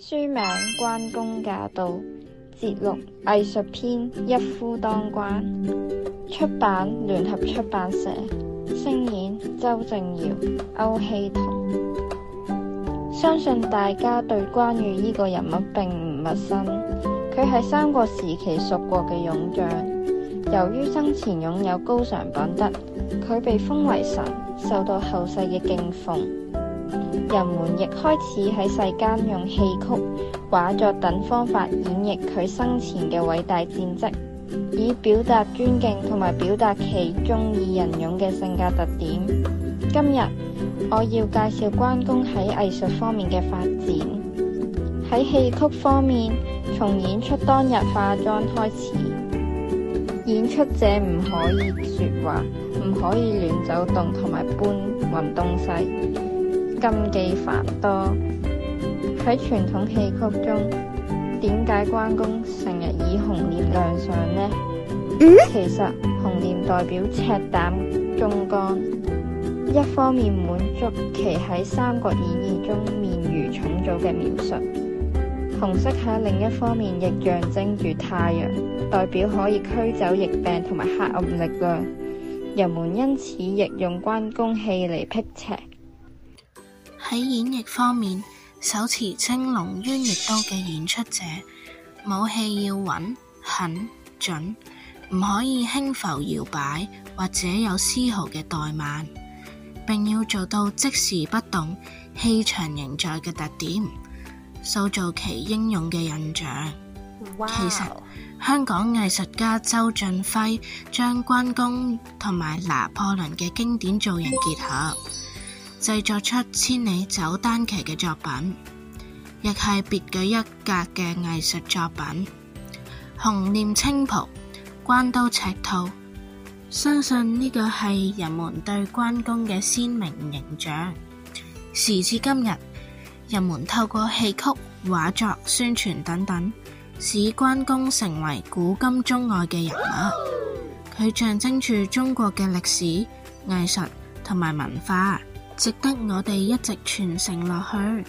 書名《關公駕到》節錄藝術篇《一夫當關》出版聯合出版社，聲演周婧瑤、歐晞彤。相信大家對關羽呢個人物並唔陌生，佢係三國時期蜀國嘅勇將。由於生前擁有高尚品德，佢被封為神，受到後世嘅敬奉。人們亦開始喺世間用戲曲、畫作等方法演繹佢生前嘅偉大戰績，以表達尊敬同埋表達其忠義仁勇嘅性格特點。今日我要介紹關公喺藝術方面嘅發展。喺戲曲方面，從演出當日化妝開始，演出者唔可以說話，唔可以亂走動同埋搬運東西。禁忌繁多。喺傳統戲曲中，點解關公成日以紅臉亮相呢？嗯、其實紅臉代表赤膽忠肝，一方面滿足其喺《三國演義》中面如重棗嘅描述。紅色喺另一方面亦象徵住太陽，代表可以驅走疫病同埋黑暗力量。人們因此亦用關公戲嚟辟邪。喺演繹方面，手持青龍偃月刀嘅演出者，武器要穩、狠、準，唔可以輕浮搖擺或者有絲毫嘅怠慢，並要做到即時不動，氣場仍在嘅特點，塑造其英勇嘅印象。Wow. 其實，香港藝術家周俊輝將關公同埋拿破崙嘅經典造型結合。製作出千里走單騎嘅作品，亦係別具一格嘅藝術作品。紅臉青袍，關刀赤兔，相信呢個係人們對關公嘅鮮明形象。時至今日，人們透過戲曲、畫作、宣傳等等，使關公成為古今中外嘅人物。佢象徵住中國嘅歷史、藝術同埋文化。值得我哋一直傳承落去。